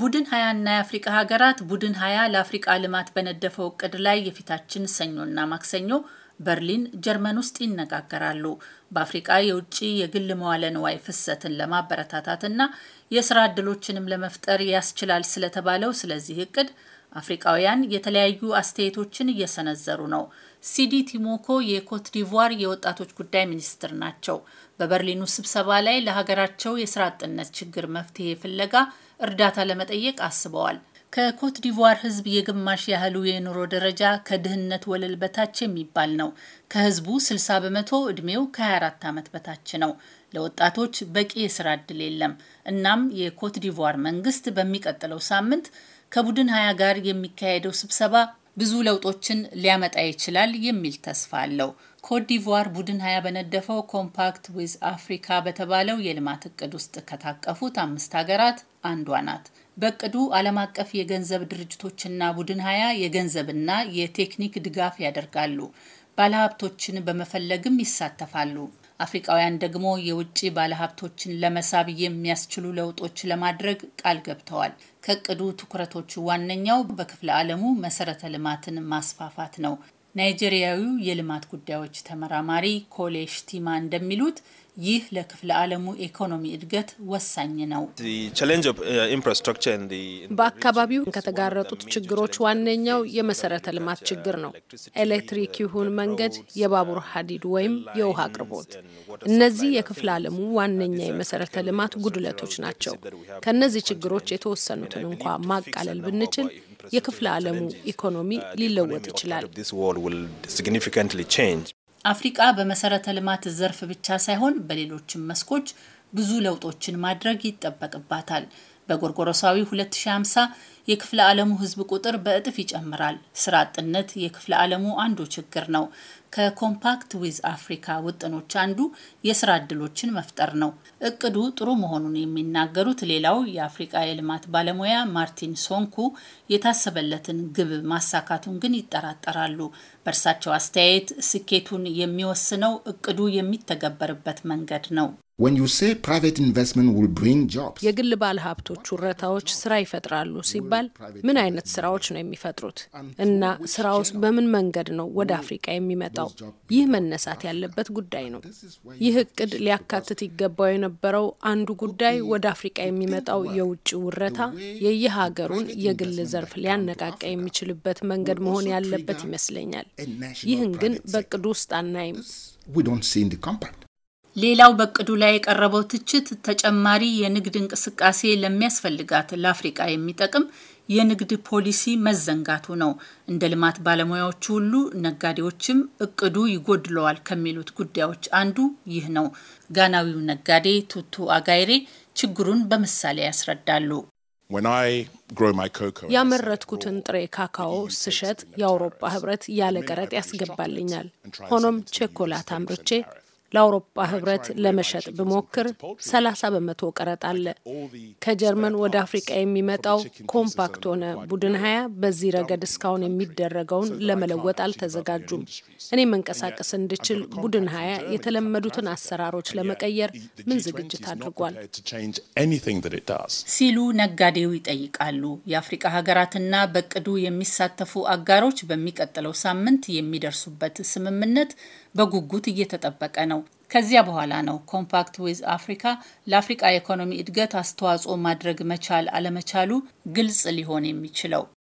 ቡድን ሀያና የአፍሪቃ ሀገራት ቡድን ሀያ ለአፍሪቃ ልማት በነደፈው እቅድ ላይ የፊታችን ሰኞና ማክሰኞ በርሊን ጀርመን ውስጥ ይነጋገራሉ። በአፍሪቃ የውጭ የግል መዋለ ንዋይ ፍሰትን ለማበረታታትና የስራ ዕድሎችንም ለመፍጠር ያስችላል ስለተባለው ስለዚህ እቅድ አፍሪቃውያን የተለያዩ አስተያየቶችን እየሰነዘሩ ነው። ሲዲ ቲሞኮ የኮት ዲቯር የወጣቶች ጉዳይ ሚኒስትር ናቸው። በበርሊኑ ስብሰባ ላይ ለሀገራቸው የስራ አጥነት ችግር መፍትሄ ፍለጋ እርዳታ ለመጠየቅ አስበዋል። ከኮት ዲቯር ህዝብ የግማሽ ያህሉ የኑሮ ደረጃ ከድህነት ወለል በታች የሚባል ነው። ከህዝቡ 60 በመቶ ዕድሜው ከ24 ዓመት በታች ነው። ለወጣቶች በቂ የስራ ዕድል የለም። እናም የኮት ዲቯር መንግስት በሚቀጥለው ሳምንት ከቡድን ሀያ ጋር የሚካሄደው ስብሰባ ብዙ ለውጦችን ሊያመጣ ይችላል የሚል ተስፋ አለው። ኮትዲቯር ቡድን ሀያ በነደፈው ኮምፓክት ዊዝ አፍሪካ በተባለው የልማት እቅድ ውስጥ ከታቀፉት አምስት ሀገራት አንዷ ናት። በእቅዱ ዓለም አቀፍ የገንዘብ ድርጅቶችና ቡድን ሀያ የገንዘብና የቴክኒክ ድጋፍ ያደርጋሉ። ባለሀብቶችን በመፈለግም ይሳተፋሉ። አፍሪቃውያን ደግሞ የውጭ ባለሀብቶችን ለመሳብ የሚያስችሉ ለውጦች ለማድረግ ቃል ገብተዋል። ከቅዱ ትኩረቶቹ ዋነኛው በክፍለ ዓለሙ መሰረተ ልማትን ማስፋፋት ነው። ናይጄሪያዊው የልማት ጉዳዮች ተመራማሪ ኮሌሽ ቲማ እንደሚሉት ይህ ለክፍለ ዓለሙ ኢኮኖሚ እድገት ወሳኝ ነው። uh, በአካባቢው ከተጋረጡት ችግሮች ዋነኛው የመሰረተ ልማት ችግር ነው። ኤሌክትሪክ ይሁን መንገድ፣ የባቡር ሀዲድ ወይም የውሃ አቅርቦት፣ እነዚህ የክፍለ ዓለሙ ዋነኛ የመሰረተ ልማት ጉድለቶች ናቸው። ከእነዚህ ችግሮች የተወሰኑትን እንኳ ማቃለል ብንችል የክፍለ ዓለሙ ኢኮኖሚ uh, ሊለወጥ ይችላል። አፍሪቃ በመሰረተ ልማት ዘርፍ ብቻ ሳይሆን በሌሎችም መስኮች ብዙ ለውጦችን ማድረግ ይጠበቅባታል። በጎርጎሮሳዊ 2050 የክፍለ ዓለሙ ህዝብ ቁጥር በእጥፍ ይጨምራል። ስራ አጥነት የክፍለ ዓለሙ አንዱ ችግር ነው። ከኮምፓክት ዊዝ አፍሪካ ውጥኖች አንዱ የስራ እድሎችን መፍጠር ነው። እቅዱ ጥሩ መሆኑን የሚናገሩት ሌላው የአፍሪቃ የልማት ባለሙያ ማርቲን ሶንኩ የታሰበለትን ግብ ማሳካቱን ግን ይጠራጠራሉ። በእርሳቸው አስተያየት ስኬቱን የሚወስነው እቅዱ የሚተገበርበት መንገድ ነው። የግል ባለሀብቶች ውረታዎች ስራ ይፈጥራሉ ሲባል ምን አይነት ስራዎች ነው የሚፈጥሩት? እና ስራውስ በምን መንገድ ነው ወደ አፍሪቃ የሚመጣው? ይህ መነሳት ያለበት ጉዳይ ነው። ይህ እቅድ ሊያካትት ይገባው የነበረው አንዱ ጉዳይ ወደ አፍሪቃ የሚመጣው የውጭ ውረታ የየሀገሩን የግል ዘርፍ ሊያነቃቃ የሚችልበት መንገድ መሆን ያለበት ይመስለኛል። ይህን ግን በእቅዱ ውስጥ አናይም። ሌላው በእቅዱ ላይ የቀረበው ትችት ተጨማሪ የንግድ እንቅስቃሴ ለሚያስፈልጋት ለአፍሪቃ የሚጠቅም የንግድ ፖሊሲ መዘንጋቱ ነው። እንደ ልማት ባለሙያዎቹ ሁሉ ነጋዴዎችም እቅዱ ይጎድለዋል ከሚሉት ጉዳዮች አንዱ ይህ ነው። ጋናዊው ነጋዴ ቱቱ አጋይሬ ችግሩን በምሳሌ ያስረዳሉ። ያመረትኩትን ጥሬ ካካዎ ስሸጥ የአውሮፓ ህብረት ያለ ቀረጥ ያስገባልኛል። ሆኖም ቸኮላት አምርቼ ለአውሮፓ ህብረት ለመሸጥ ብሞክር 30 በመቶ ቀረጥ አለ። ከጀርመን ወደ አፍሪቃ የሚመጣው ኮምፓክት ሆነ ቡድን ሀያ በዚህ ረገድ እስካሁን የሚደረገውን ለመለወጥ አልተዘጋጁም። እኔ መንቀሳቀስ እንድችል ቡድን ሀያ የተለመዱትን አሰራሮች ለመቀየር ምን ዝግጅት አድርጓል ሲሉ ነጋዴው ይጠይቃሉ። የአፍሪቃ ሀገራትና በቅዱ የሚሳተፉ አጋሮች በሚቀጥለው ሳምንት የሚደርሱበት ስምምነት በጉጉት እየተጠበቀ ነው። ነው። ከዚያ በኋላ ነው ኮምፓክት ዊዝ አፍሪካ ለአፍሪቃ የኢኮኖሚ እድገት አስተዋጽኦ ማድረግ መቻል አለመቻሉ ግልጽ ሊሆን የሚችለው።